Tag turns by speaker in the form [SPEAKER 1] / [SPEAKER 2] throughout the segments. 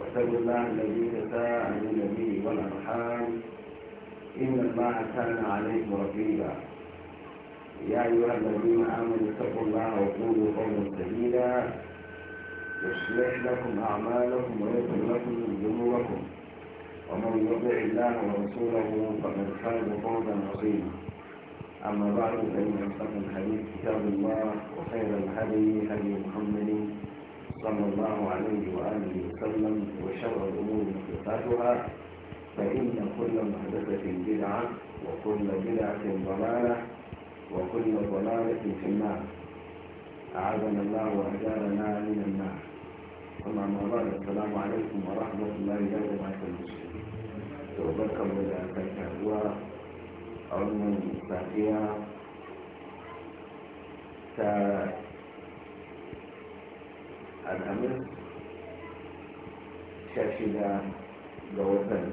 [SPEAKER 1] واتقوا الله الذي تساءلون به والارحام ان الله كان عليكم رقيبا يا ايها الذين امنوا اتقوا الله وقولوا قولا سديدا يصلح لكم اعمالكم ويغفر لكم ذنوبكم ومن يطع الله ورسوله فقد فاز فوزا عظيما أما بعد فإن أصدق الحديث كتاب الله وخير الهدي هدي محمد صلى الله عليه وآله وسلم وشر الأمور محدثاتها فإن كل محدثة بدعة وكل بدعة ضلالة وكل ضلالة في النار أعاذنا الله وأجارنا من النار ثم أما بعد السلام عليكم ورحمة الله وبركاته المسلمين وبركم إلى تلك علم الساقية al'amin shashi da ga watan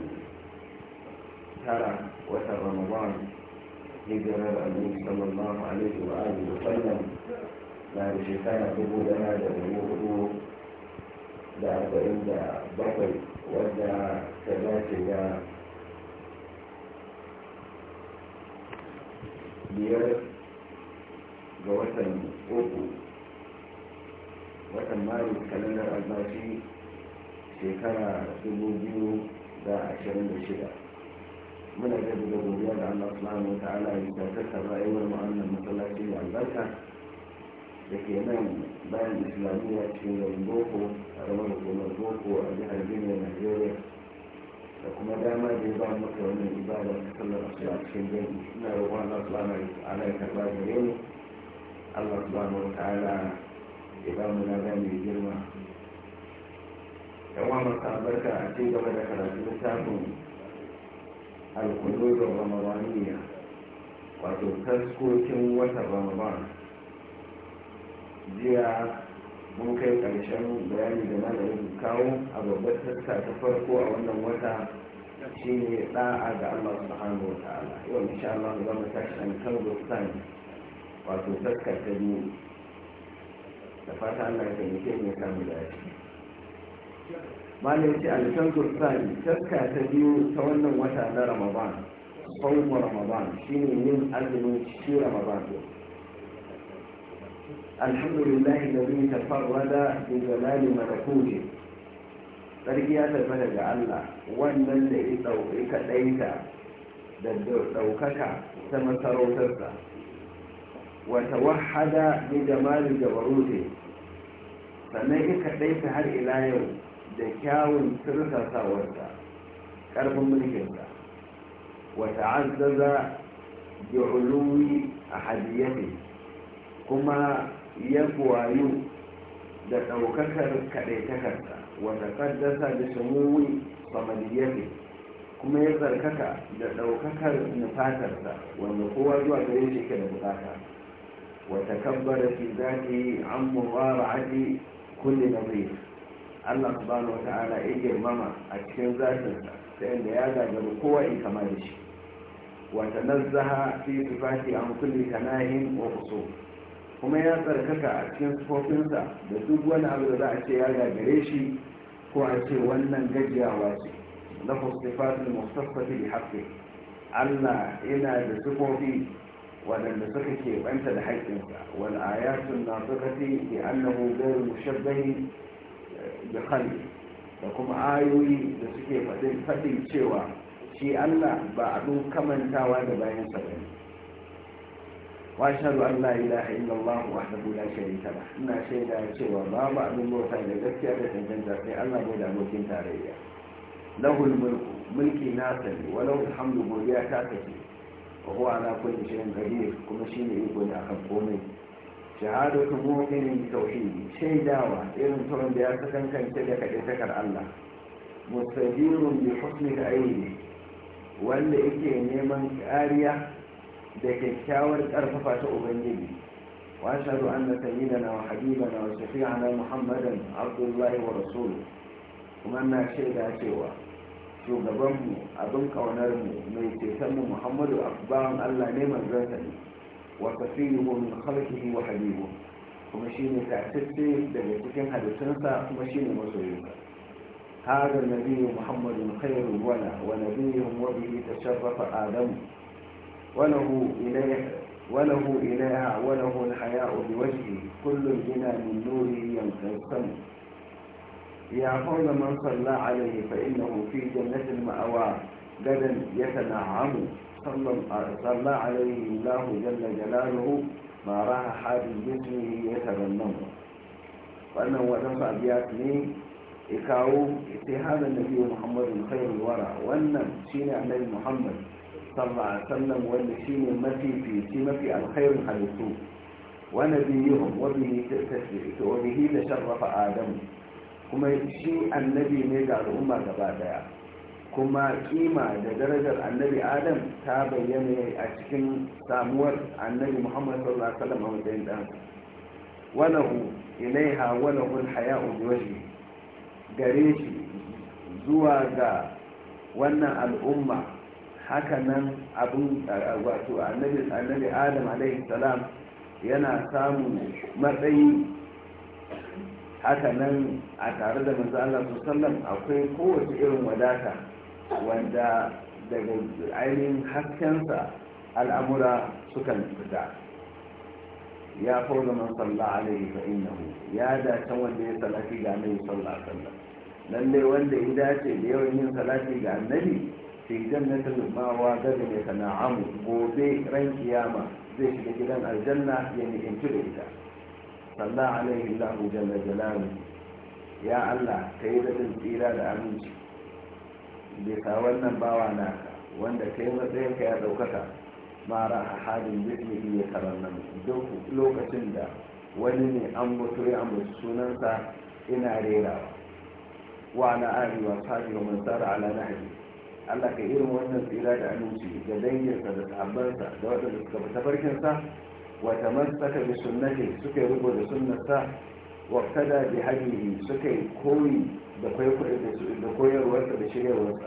[SPEAKER 1] tara watan ramadan hijirar annabi sallallahu alaihi wa alihi wa sallam na da shekara dubu daya da dubu hudu da arba'in da bakwai wadda ta dace da biyar ga watan uku watan mayu kalandar albashi shekara 2026 muna gaji da godiya da allah subhanahu wa ta'ala ya yi ta rayuwar mu'annan masallaci da albarka da ke nan bayan islamiyya cikin garin boko a ramar hukumar boko a jihar benue nigeria da kuma dama da ya ba maka wannan ibada ta sallar asuba cikin gani ina roƙon allah subhanahu wa ta'ala ya karɓa gare mu allah subhanahu wa ta'ala ya ba mu lada mai girma yan wa masa albarka a ce gaba da karatu littafin alkulozin ramadaniya wato taskokin wata ramadan jiya mun kai karshen bayani da malamin kawo a babbar taska ta farko a wannan wata shi ne da'a ga Allah subhanahu wa ta'ala yau insha Allah za mu tashi an kan wato taska ta biyu da fata Allah ya taimake mu ya samu lafiya malam ce alisantur kursani taska ta biyu ta wannan wata na ramadan sauwa ramadan shine yin azumin cikin ramadan alhamdulillah alladhi tafarrada da jalali malakutihi sarki ya tabbata ga Allah wannan da ya ɗauki kaɗaita da ɗaukaka ta masarautarsa وتوحد بجمال جبروته sannan ya kaɗai ta har ila yau da kyawun tursasawarsa ƙarfin mulkinsa wata azzaza bi uluwi a hadiyyafi kuma ya buwayu da ɗaukakar kaɗaitakarsa wata ƙaddasa da shamuwi samadiyyafi kuma ya tsarkaka da ɗaukakar nufatarsa wanda kowa zuwa gare shi ke da bukata وتكبر في ذاته عن مضارعة كل نظيف Allah subhanahu wata'ala ya girmama a cikin zatinsa ta yadda ya gagaru kowa in kama da shi wata nazzaha fi sifati an kulli kanahin wa kuso kuma ya tsarkaka a cikin sufofinsa da duk wani abu da za a ce ya gagare shi ko a ce wannan gajiyawa ce lahu sifatul mustaffati bi haqqi Allah yana da sufofi waɗanda suka ke banta da haƙƙinsa wal ayatun nasikati bi annahu ghayr mushabbahi eh, bi khalqi da kuma ayoyi da suke faɗin faɗin cewa shi Allah ba abin kamantawa da bayan sa ne. wa ashhadu an la ilaha illa Allah wahdahu la ta ba. ina shaida cewa babu abin bauta da gaskiya da tantance sai Allah bai da abokin tarayya lahul mulku mulki nasa ne walau alhamdu godiya ta take wa huwa ala kulli shay'in qadir kuma shine iko ne akan komai shahadatu mu'minin tauhidi shaidawa irin turan da ya kankance da kaɗe takar Allah mustadirun bi husni ne. wanda yake neman kariya da kyakkyawar ƙarfafa ta ubangiji wa ashhadu anna sayyidana wa habibana wa shafi'ana muhammadan abdullahi wa rasuluhu kuma na shaida cewa shugabanmu abin ƙaunarmu mai cetonmu muhammadu akbaran allah ne manzansa ne wa kafiyuhu min khalqihi wa habibu kuma shine tatacce daga cikin halittunsa kuma shine masoyinsa هذا النبي محمد خير ولا ونبيهم وبه تشرف wa وله إليه وله إله وله الحياء بوجهه كل بنا من نوره ينقسم ya hauna man salla alaihi fa innahu fi jannatin ma'awa gadan ya tana'amu salla alaihi lahu jalla jalaluhu ma raha hadin jinsi ya tabannan wannan wajen su abiyat ne ya kawo sai hada nabi muhammadu khairu wara wannan shine annabi muhammad salla sallam wanda shine mafi fi mafi alkhairin halittu wa nabiyuhum wa bihi tashrif wa bihi adamu kuma shi annabi ne ga al'umma gaba daya kuma kima da darajar annabi adam ta bayyana a cikin samuwar annabi muhammad sallallahu alaihi wasallam a matsayin ilaiha walahu alhaya'u biwajhi gare shi zuwa ga wannan al'umma hakanan abin wato annabi adam alaihi salam yana samun matsayi haka nan a tare da manzo Allah sallam akwai kowace irin wadata wanda daga ainihin haskensa al'amura suka fita ya fauza man salla alaihi fa innahu ya dace wanda ya salafi ga annabi sallallahu alaihi wasallam lalle wanda ya dace da yawan yin salafi ga annabi fi jannatin mawa gari mai sana'amu gobe ran kiyama zai shiga gidan aljanna ya ni'imci da ita صلى عليه الله جل جلاله يا الله كيدا تنسيلا لأمنك بتاولنا باوانا وانت كيدا تنسيلا يا دوكتا ما راح حال باسمه يترنم دوك لوكتن دا ولني أمبتو يأمبت سننسا إنا ريراوا وعلى آله وأصحابه ومن سار على نهجه Allah ka irin wannan tsira da aminci da danginsa da sahabbansa da waɗanda suka fi tafarkinsa وتمسك بسنته سكي ربو لسنة واقتدى بهديه سكي كوي دكوي الوسط بشري الوسط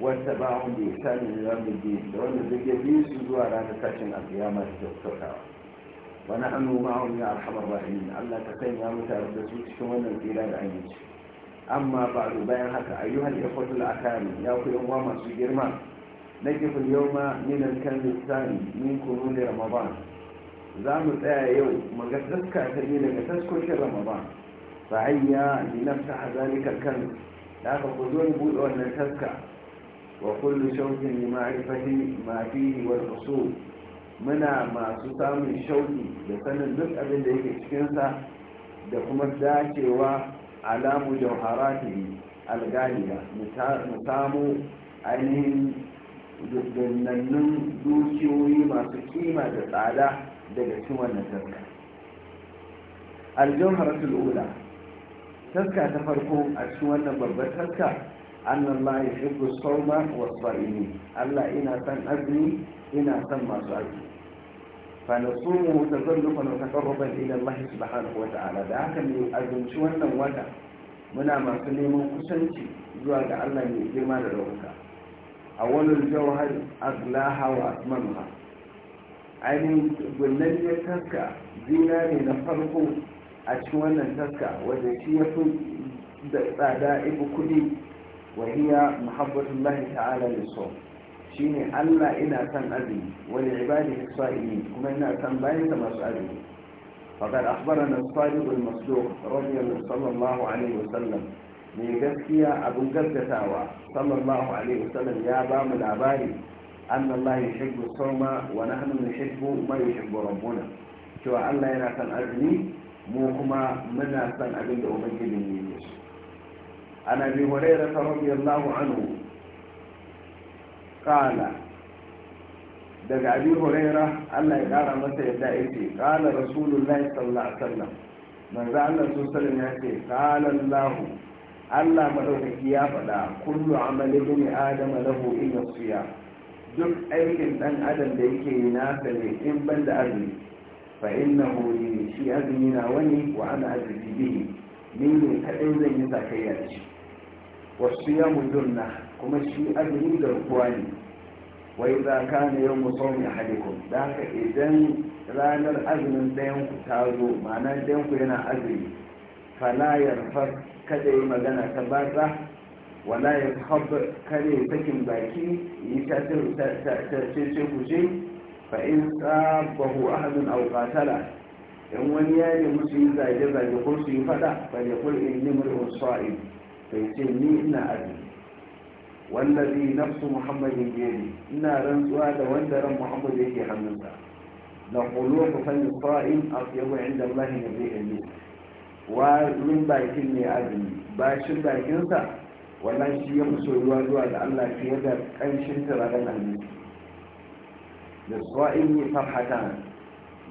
[SPEAKER 1] واتبعهم بإحسان الإمام الدين لأن الذي يبيس يدوى على نتاكن القيامة تتوقع ونحن معهم يا أرحم الراحمين ألا تكن يا متعرض سوتك وانا الإلال عينك أما بعد بيانك أيها الإخوة الأكارم يا أخي أمام سجرمان نجف اليوم من الكنز الثاني من كنون رمضان za mu tsaya yau taska ta yi daga taskokin ramadan fa hayya fita a kan da aka ku zo buɗe wannan taska wa kullu shauƙin li ma'rifati ma fihi wal usul muna masu samun shauki da sanin duk abin da yake cikin sa da kuma dacewa alamu jawharatihi algaliya mu samu ainihin dannannun dukiyoyi masu kima da tsada daga cikin wannan taska aljawharatul ula taska ta farko a cikin wannan babbar taska annan ma ya wa sa'ini allah ina san azumi ina san masu azumi fanasumu tazalluqan wa taqarruban ila allah subhanahu wa ta'ala da haka ne azumci wannan wata muna masu neman kusanci zuwa ga allah mai girma da ɗaukaka wani jawhar azlaha wa asmanuha ainihin gullan ya taska zinare na farko a cikin wannan taska wanda shi ya fi da tsada ibu kudi wahiya muhabbatullahi ta'ala so. shi ne allah ina son azumi wani ibadi sa'ili kuma ina son bayan da masu azumi فقد أخبرنا الصادق المصدوق رضي الله صلى الله عليه وسلم mai gaskiya abin gaskatawa sallallahu alaihi wasallam ya ba mu labari an Allah ya shigo sauma wa nahnu nushibbu ma yushibbu rabbuna cewa Allah yana san azumi mu kuma muna san abin da ubangiji ne yake an abi hurairah radiyallahu anhu qala daga abi hurairah Allah ya kara masa yadda yake qala rasulullahi sallallahu alaihi wasallam manzo Allah sallallahu alaihi wasallam ya ce qala Allahu Allah madaukaki ya faɗa kullu amali bin adam lahu illa siya duk aikin dan adam da yake yi nasa ne in ban da azumi fa innahu li shi azumi na wani wa ana azumi bihi ni ne kadai zan yi zakayya da shi wasu ya mudunna kuma shi azumi da garkuwa ne wai za ka ne sawmi ahadikum halikun da haka idan ranar azumin ɗayanku ta zo ma'ana ɗayanku yana azumi fala fa kada yi magana ta batsa wala ya habba kare sakin baki yi ta ce kuje fa in sabahu ahadun aw qatala in wani ya yi musu yi zage zage ko su yi fada fa ya kul inni mar'un sa'im sai ce ni ina azumi wallazi nafsu muhammadin biyadi ina rantsuwa da wanda ran muhammad yake hannunsa la qulu fa sa'im afyabu inda allahi nabiyyun warin bakin ne azumi bashin bakinsa wannan shi ya fi soyuwa zuwa da allah fiye da ƙanshin turaren almisi da suwa'in yi farhata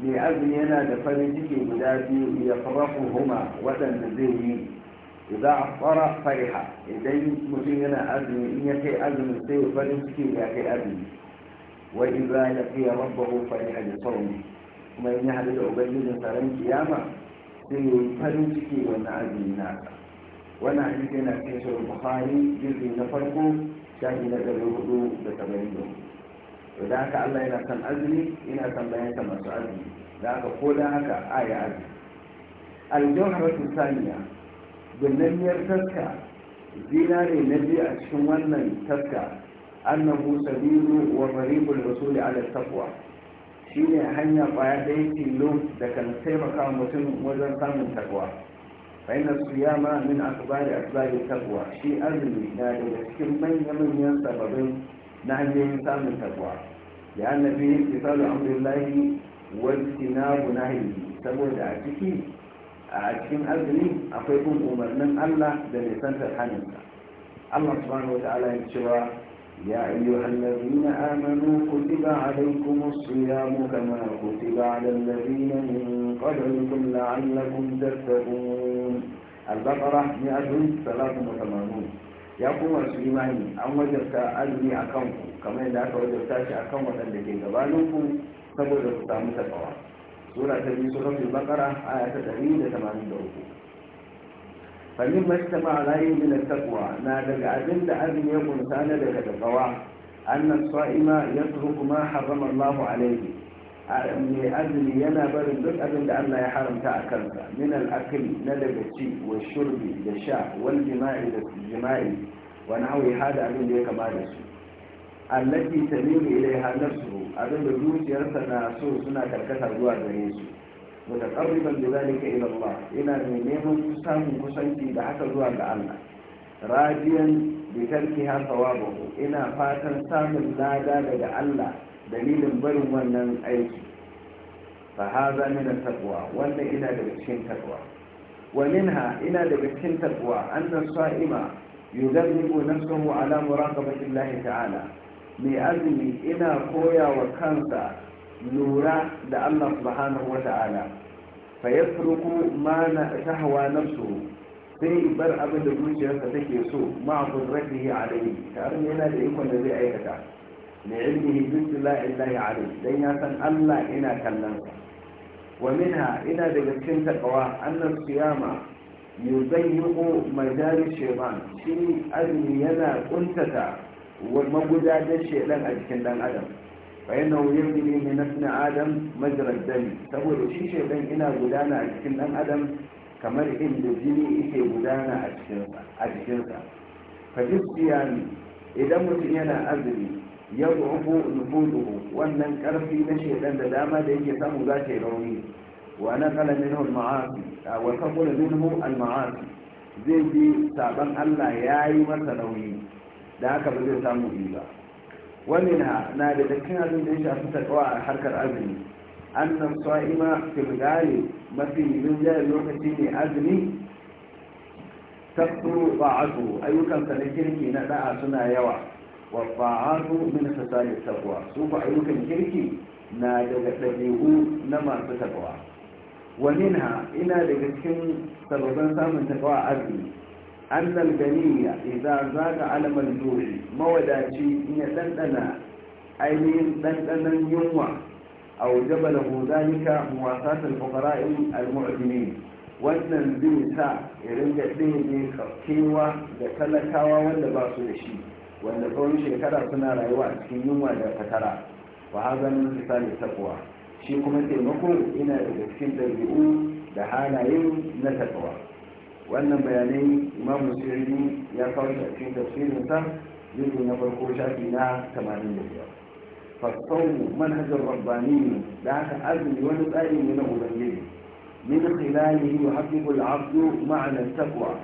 [SPEAKER 1] mai azumi yana da farin ciki guda biyu ya farahu huma waɗanda zai yi idan a fara fariha idan mutum yana azumi in ya kai azumi sai farin ciki ya kai azumi wa idan ya kai rabbahu fariha da sauri kuma in ya haɗu da ubangijin saran kiyama sai farin ciki wani abin na wani hadisi yana cikin shirin bukhari jirgin na farko shahi na ɗari hudu da saba'in da da haka allah yana son azumi yana son bayansa masu azumi da haka ko da haka a ya azumi aljawharatu saniya binnanniyar taska zinare na biyu a cikin wannan taska annahu Sabiru wa mariqul rasuli ala taqwa shi ne hanya da ɗaya tilo da kan taimaka mutum wajen samun takwa bayan su ya ma min a akbari takwa shi azumi na daga cikin manya-manyan sababin na hanyoyin samun takwa ya annabi misalu amrillahi wani na gunahi saboda a ciki a cikin azumi akwai bin umarnin allah da nisantar hannunsa allah subhanahu wa ta'ala ya cewa يا أيها الذين آمنوا كتب عليكم الصيام كما كتب على الذين من قبلكم لعلكم تتقون البقرة 183 ya kuma su imani an wajarta azumi a kanku kamar yadda aka wajarta shi a kan waɗanda ke gabaninku saboda ku samu takawa sura ta biyu suratul baqara aya ta 183 famin majtama alayi min Takwa, na daga abin da azumi ya kunsa na daga dabawa annan sa'ima yatruku ma harrama Allahu alayhi mai azumi yana barin duk abin da Allah ya haramta a kansa min al-akli na daga ci wa shurbi da sha wal jima'i da jima'i wa nahwi hada abin da ya kama da su allati tamilu ilayha nafsuhu abin da zuciyarsa na so suna karkata zuwa gare su wata ƙarfifar da zalika ila ba ina mai neman samun kusanci da haka zuwa ga Allah radiyan da karki haka wa ina fatan samun lada daga Allah dalilin barin wannan aiki fa ha za ni da wannan ina daga cikin takwa wa minha ina daga cikin takwa annan sa'ima yugarribu nafsuhu ala muraqabati Allah ta'ala mai azumi ina koya wa kansa nura da Allah subhanahu wa ta'ala fa yasruku ma na tahwa nafsu sai bar abin da zuciyarsa take so ma qudratihi alayhi tare da yana da ikon da zai aikata ne ilmihi bi illahi alayhi dan ya san Allah ina kallon sa wa minha ina daga cikin takawa annas siyama yuzayyiqu majari shaytan shi azmi yana kuntata wa magudanar shaytan a cikin dan adam فإنه يجري من ابن آدم مجرى الدم تقول شيء شيء بين إنا بدانا أجكن أم آدم kamar inda jini yake gudana a cikinsa fajistiyani idan mutum yana azumi ya rufu nufuduhu wannan karfi na shedan da dama da yake samu za ta yi rauni wa na kala minhu al-ma'asi wa kaqala minhu al-ma'asi zai ji saban Allah yayi masa rauni da haka ba zai samu ba ومنها نادي ذكر من إيش أفتقوا حركة أبني أن الصائم في الغالب ما في من جاء لوحتين أبني تقتل ضاعته أي كم تنكرك ندعى سنة يوع والضاعات من خسائر التقوى سوف أيوك الكرك نادي ذكره نما تتقوى ومنها إلى ذكر سببا سامن تقوى أبني annal ganiya idan zaga alamar dole mawadaci ya ɗanɗana ainihin ɗanɗanan yunwa a wajaba da hudanika muwasatar fukara'in al-mu'adini wannan zai sa irin da ɗaya kewa da talakawa wanda ba su da shi wanda tsawon shekara suna rayuwa a cikin yunwa da fatara wa haza min misali takwa shi kuma taimako ina da cikin ɗabi'u da halayen na takwa wannan bayanai imam musulmi ya kawo shi a cikin tafsirin sa yuzu na farko shafi na 85 fasau manhajar rabbani ne da haka azumi wani tsari ne na ubangiji min khilalihi yuhaqqiqu al-'abdu ma'na taqwa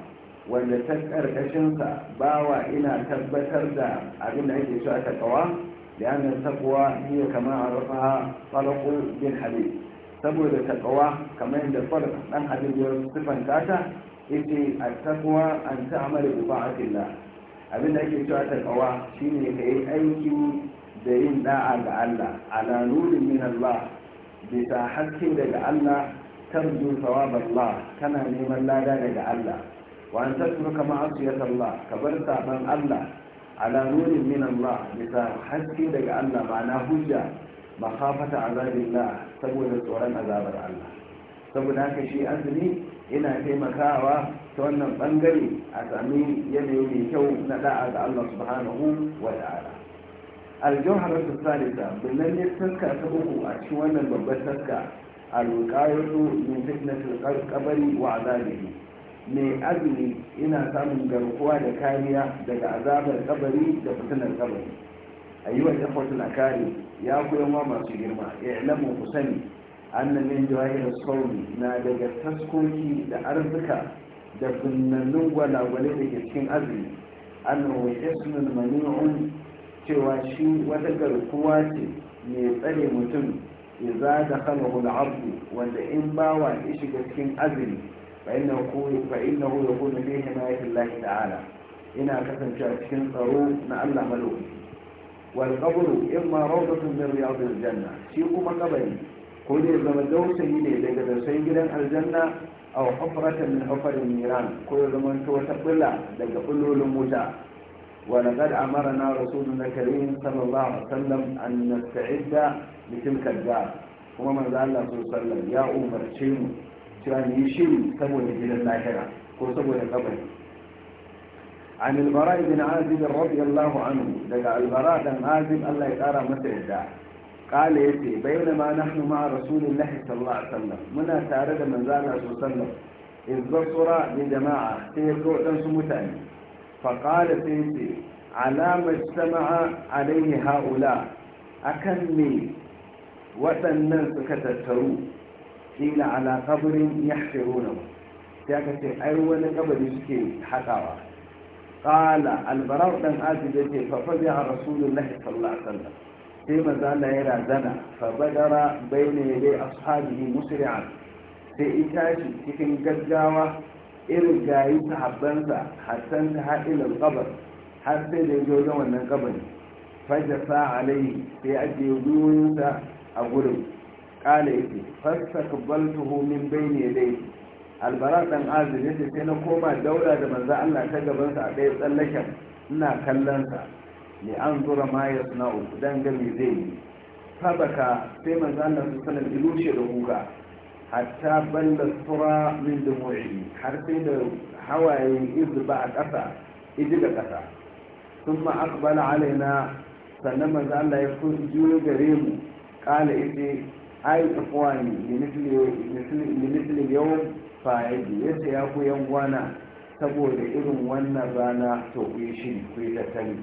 [SPEAKER 1] wanda ta karkashin sa bawa ina tabbatar da abin da ake so a taqwa لأن التقوى هي a عرفها طلق bin حبيب saboda takawa kamar yadda fark dan abin da sifan ta. ita a taqwa an ta'mal bi ta'atillah abinda ake cewa taqwa shine kai aiki da yin da'a ga Allah ala nurin min Allah bisa haske daga Allah tarju thawab Allah kana neman lada daga Allah wa an kama ma'asiyat Allah ka bar saban Allah ala nurin min Allah bisa haske daga Allah ma'ana hujja makhafata azabillah saboda tsoron azabar Allah saboda haka shi azumi ina taimakawa ta wannan bangare a sami yanayi mai kyau na da'a ga Allah subhanahu wa ta'ala aljohar su salisa ne taska ta uku a cikin wannan babbar taska alƙayatu min fitnatul qabri wa azabihi mai azumi ina samun garkuwa da kariya daga azabar kabari da fitnar kabari ayyuka ta fatina kare ya koyan wa masu girma ya lamu ku sani annan min sauri na daga taskoki da arzika da sunnannun gwalagwale da cikin azumi annahu ismun mani'un cewa shi wata garkuwa ce mai tsare mutum idza dakhala al-'abdu wanda in bawa ya shiga cikin azumi fa innahu fa innahu yakunu fi himayati Allah ta'ala ina kasancewa cikin tsaro na Allah malauki wal qabru imma rawdatun min riyadil janna shi kuma kabari ko dai zama dausayi ne daga dausayin gidan aljanna a hufratan min hufarin niran ko ya zama ta wata bula daga bulolin wuta ولقد أمرنا na الكريم صلى الله عليه وسلم أن نستعد لتلك kadda kuma manzo Allah ya umarce mu cewa ni shiri saboda gidan lahira ko saboda kabari عن البراء بن عازب رضي الله عنه دقى البراء بن عازب الله يقرأ متعدا kala ya ce bai ma nahnu ma rasulun lahi muna tare da manzana su sallam in da jama'a sai ya ɗansu mutane faƙala sai ya ce alama jama'a alaihi ha'ula akan me waɗannan suka tattaru kila ala kabarin ya shiru na sai aka ce ai wani kabari suke haƙawa qala albarau dan azib yace fa fa bi sai manzo Allah ya razana fa badara bayna a ashabihi musri'an sai ita tashi cikin gaggawa irin gayi sahabbansa hasan ta hadil al-qabr har sai da ya ga wannan kabari fajasa alaihi sai aje gwiwinsa a gurin kala yake fastakbaltuhu min ne dai albara ɗan azumi sai na koma daura da manzo Allah ta gabansa a ɗaya tsallaken ina kallon sa ne an zura ma ya suna dan gami zai yi sabaka sai maza Allah su sanar da da kuka hatta balla sura min dumu'i har sai da hawayen izba a ƙasa idiga ƙasa sun ma akbala alaina sannan manzo Allah ya juyo gare mu kala ite ai ikhwani limitli yawon fa'idi ya ce ya ku gwana saboda irin wannan rana to ku yi shiri ku yi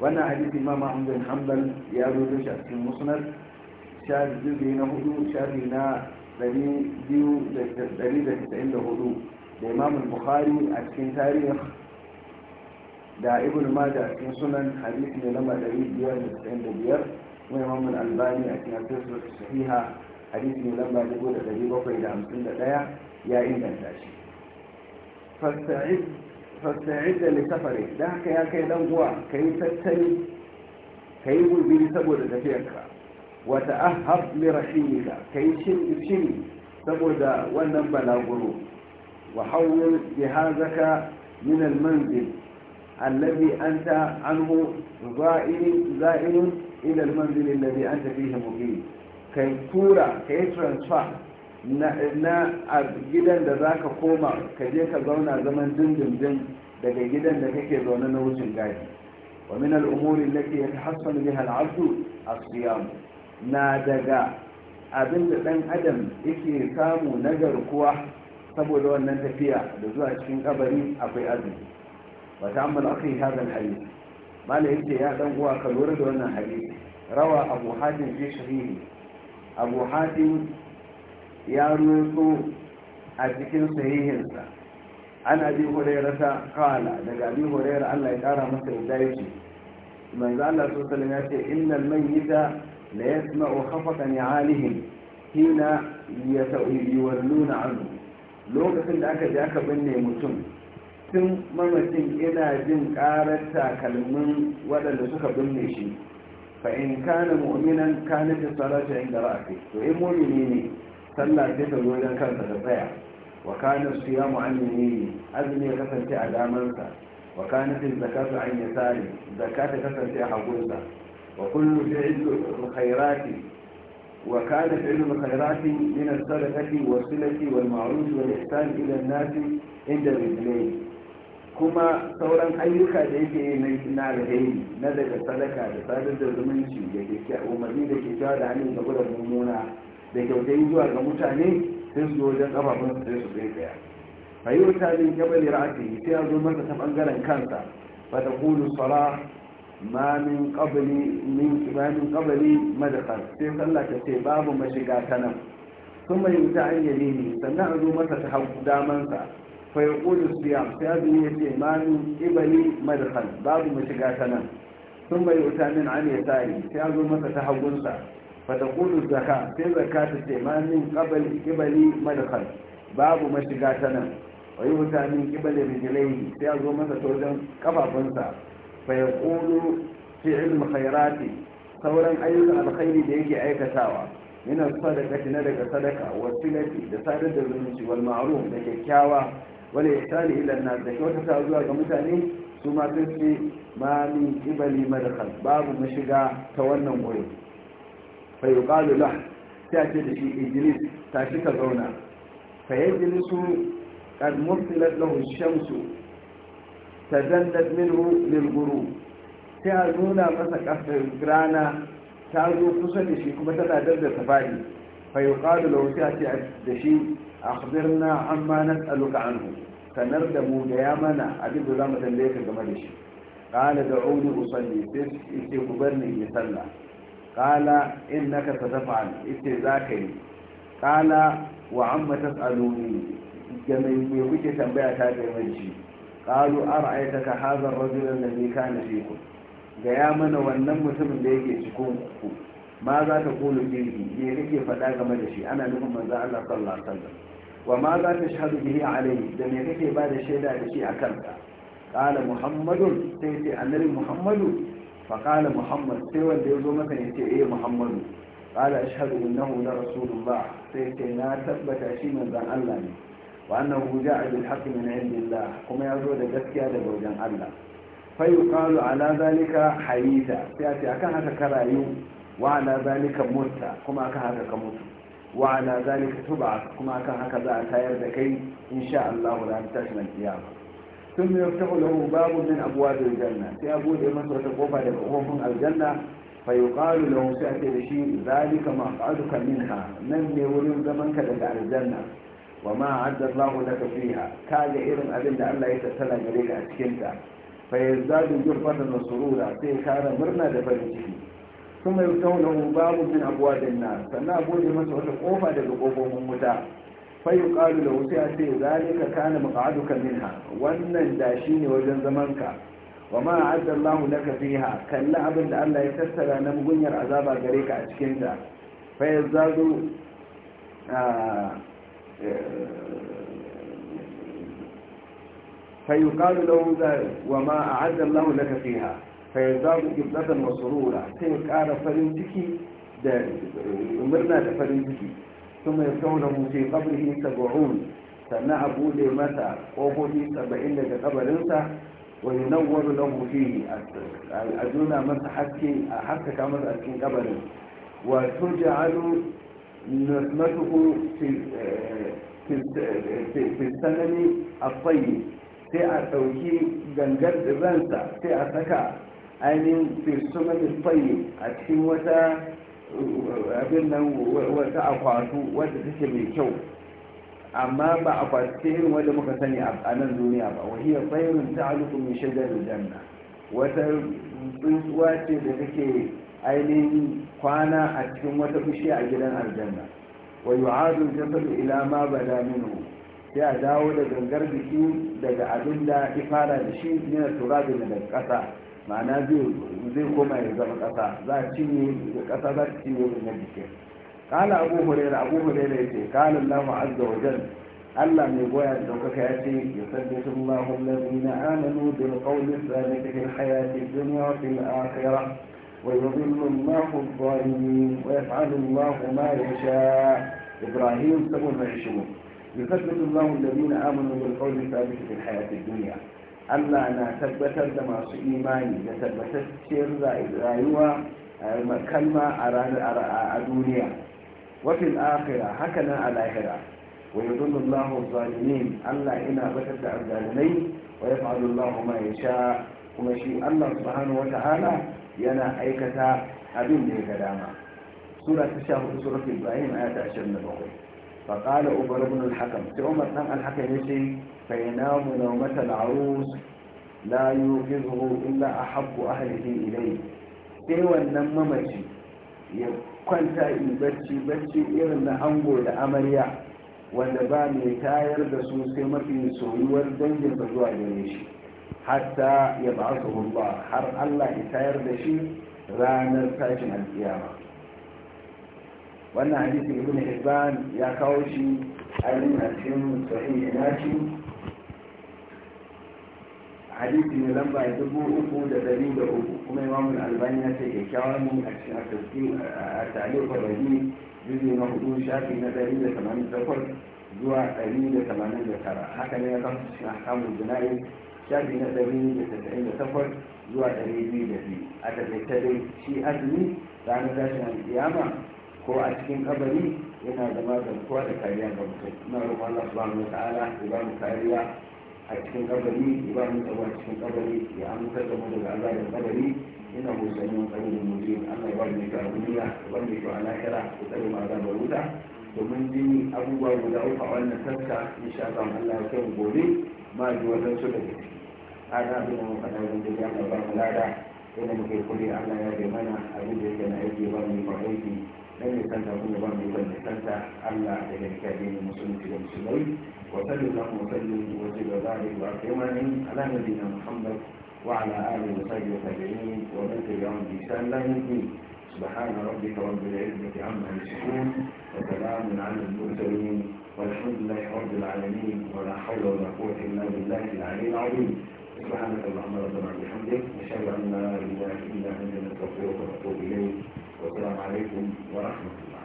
[SPEAKER 1] wannan hadisi ma ahmad bin hanbal ya rubuta shi a cikin musnad shafi na hudu shafi na 294 da imam bukhari a cikin tarihi da ibn majah a cikin sunan hadisi ne lamba 595 wani imam albani a cikin asirar sahiha hadisi ne lamba 1751 ya inganta shi fasta'id fasta'id da lisafari da haka ya kai dan uwa ka tattali kayi yi guziri saboda tafiyarka wata ahab li rashinika ka yi shiri saboda wannan balaguro wa hawwil jihazaka min al-manzil alladhi anta anhu za'ilun za'ilun ila al-manzil alladhi anta fihi muqim kai tura kai transfer na a gidan da za ka koma ka je ka zauna zaman dindindin daga gidan da kake zaune na wucin gadi wa min al'umuri lati ya tahassanu biha al'abdu as-siyam na daga abin da dan adam yake samu na garkuwa saboda wannan tafiya da zuwa cikin kabari akwai azumi wa ta'ammal akhi hadha al-hadith mala yake ya dan uwa ka lura da wannan hadisi rawa abu Hadin fi sahihi abu Hadin. ya rusu a cikin sahihinsa an abi huraira ta kala daga abi huraira Allah ya kara masa yadda yake manzo Allah sallallahu alaihi ya ce innal mayyita la yasma'u khafatan ya'alihim hina nuna anhu lokacin da aka je aka binne mutum tun mamacin ina jin karar takalmin waɗanda suka binne shi fa in kana mu'minan kana ta salati inda ra'si to in mu'mini ne sallah sai ta zo wajen kansa da tsaya wa kana ya an ne azumi ya kasance a damansa wa kana fil zakatu an yasari zakata kasance a hagunsa wa kullu fi'lu khairati as-sadaqati فعل silati wal-ma'ruf wal-ihsan ila an الناس inda الرجلين kuma sauran ayyuka da yake yi na alheri na daga sadaka da sadar da zumunci da ke umarni da ke da hannun da gudan mummuna da kyautayi zuwa ga mutane sai su wajen kafafun sai su zai tsaya fa yi wata min kyabal ra'ati sai ya zo masa ta bangaren kansa fa ta kulu sala ma min qabli min ma min qabli madkhal sai sallah ta ce babu mashiga ta nan kuma yi ta an yamini sannan a zo masa ta hagu damansa fa ya kulu siyam sai ya zo ya ce ma min qibli madkhal babu mashiga ta nan sun mai wuta min an ya sai ya zo masa ta sa. fatakulu zaka sai zaka ta ce ma min babu mashiga ta nan wai wuta min qibali rijlaihi sai a masa ta wajen kafafunsa fa yaqulu fi'l khairati sauran ayyukan alkhairi da yake aikatawa yana sadaka na daga sadaka wa silati da sadar da zumunci wal ma'ruf da kyakkyawa wal ihsani ila ilan nas da kyautata zuwa ga mutane su ma sun ce ma babu mashiga ta wannan gurin fa yuqalu lah sai ce da shi ta tashi ka zauna fa yajlisu qad muftilat lahu shamsu tadallat minhu lil ghurub sai a nuna masa kafar rana ta zo kusa da shi kuma tana dab da tafadi fa yuqalu lahu sai ce da shi a akhbirna amma nas'aluka anhu sanar da mu da ya mana abin da za mu tambaye ka game da shi قال دعوني أصلي بس إنتي قبرني sallah. kala in naka ta tafa'al ita za ka yi kala wa an mata tsaloni ga mai mai kuke tambaya ta gaimanci Ƙalu, an ra'aita ka hazar rajulan da ne kana fi ku mana wannan mutumin da yake cikin ku ma za ta kulu bihi ne kake faɗa game da shi ana nufin manzo Allah sallallahu alaihi wasallam za ta shahadu bihi alaihi da me kake ba da shaida da shi a kanka kala muhammadun sai sai annabi muhammadu faƙala muhammad sai wanda ya zo masa ya ce eh muhammadu ƙala ashhadu innahu la rasulullah sai ce na tabbata shi manzon Allah ne wa annahu ja'a bil haqqi min indillah kuma ya zo da gaskiya daga wajen Allah fa yuqalu ala zalika hayita sai a ce haka ka rayu wa ala zalika mutta kuma akan haka ka mutu wa ala zalika tub'a kuma akan haka za a tayar da kai insha Allah ran tashin kiyama sun yi ta lahu babu min abuwa da janna sai abu da masa wata kofa daga kofin aljanna fa yuqalu lahu sai ake da shi zalika maqaduka minha nan ne wurin zaman ka daga aljanna wa ma adda Allahu laka fiha ka ga irin abin da Allah ya tattala gare ka a cikin ta fa yazdadu jurfatan wa surura sai kara murna da farin ciki kuma yutahu lahu babu min abwa da sannan abu da masa wata kofa daga kofofin wuta fayu ƙalu da wuce a ce zalika kana muqaduka minha wannan da shi ne wajen zamanka wa ma a'adda Allah laka ha, kalla abin da Allah ya tattara na mugunyar azaba gare ka a cikin ta fa yazalu فيقال له ذلك وما أعد الله ya فيها farin ciki da سيقال da farin ciki. ثم يكون في قبره سبعون sannan a bude masa ƙofofi saba'in daga kabarinsa wani nawar lahu fi a nuna masa haske a haskaka masa a cikin kabarin wato ja'alu nasmatuhu fi sanani a tsayi sai a ɗauki gangar ransa sai a saka ainihin fi a cikin wata abin nan wata akwatu wadda take mai kyau amma ba akwatu ta irin wadda muka sani a nan duniya ba wahiyar tsayirin ta alukun mai janna wata tsuntsuwa ce da take ainihin kwana a cikin wata bishiya a gidan aljanna wa yu'adu jasadu ila ma bada minhu sai a dawo da gangar biki daga abin da ifara da shi ne turabi daga ƙasa ma'ana biyu zai koma ya zama kasa za a cinye kasa za ta cinye wannan jikin kala abu hurera abu hurera ya ce kala allahu azza wa jal allah mai goya da daukaka ya ce ya sabbata allahu allazina amanu bil qawli thabit fil hayati dunya wa fil akhirah wa yudhillu allahu adh-dhalimin wa yaf'alu allahu ma yasha ibrahim 27 يثبت الله الذين امنوا بالقول الثابت في الحياه الدنيا Allah na tabbatar da masu imani da tabbatacciyar rayuwa kalma a ranar a duniya wafin akira haka na a lahira wa yi zunun zalimin Allah ina batar da arzalinai wa ya fa'adun ma kuma shi Allah subhanahu yana aikata abin da ya ga dama sura ta sha hudu suratul ibrahim ayata 27 فقال أبر بن الحكم sai بن الحكم يشي فينام نومة العروس لا يوقظه إلا أحب أهله إليه sai wannan mamaci ya kwanta in bacci bacci irin na ango da amarya wanda ba mai tayar da su sai mafi soyuwar dangin da zuwa gare hatta ya ba su har Allah ya tayar da shi ranar tashin alkiyama wannan hadisi ibn hibban ya kawo shi a cikin sahih nashi hadisi ne lamba ya dubu uku da dari da uku kuma imamu albani ya ce kyakkyawan mu a cikin asaski a tare kwararri juzi na hudu shafi na dari da tamanin takwas zuwa dari da tamanin da tara haka ne ya kasu cikin akamun jana'i shafi na dari da tasa'in da takwas zuwa dari biyu da biyu a taƙaice dai shi azumi ranar tashin alƙiyama ko a cikin kabari yana magani garkuwa da kariya ga mutum na roƙon Allah subhanahu ta'ala ya ba mu kariya a cikin kabari ya ba mu tsaro a cikin kabari ya amince da mu daga Allah da kabari ina mu sanin kabari mu ji Allah ya ba mu ta duniya ya ba mu ta alakira ya tsare mu azabar wuta domin jini abubuwa guda uku a wannan taska insha Allah Allah ya kai mu gobe ma ji wajen su da ciki ana abin mu faɗa wajen da ya ba mu lada yana muke kuri Allah ya bai mana abin da yake na aiki ba mu fa'idi aiki dan ne kanta kuma ban ne ban kanta Allah da ya kaje mu musulunci da musulmai wa sallallahu wa sallam wa jalla barik wa akriman ala nabiyina Muhammad wa ala alihi wa sahbihi wa tabi'in wa man tabi'ahum bi ihsan ila yawm الدين سبحان ربك رب العزة عما يصفون وسلام على المرسلين والحمد لله رب العالمين ولا حول ولا قوة إلا بالله العلي العظيم سبحانك اللهم ربنا وبحمدك نشهد أن لا إله إلا أنت نستغفرك ونتوب إليك wasalamu alaikum wa rahmatullah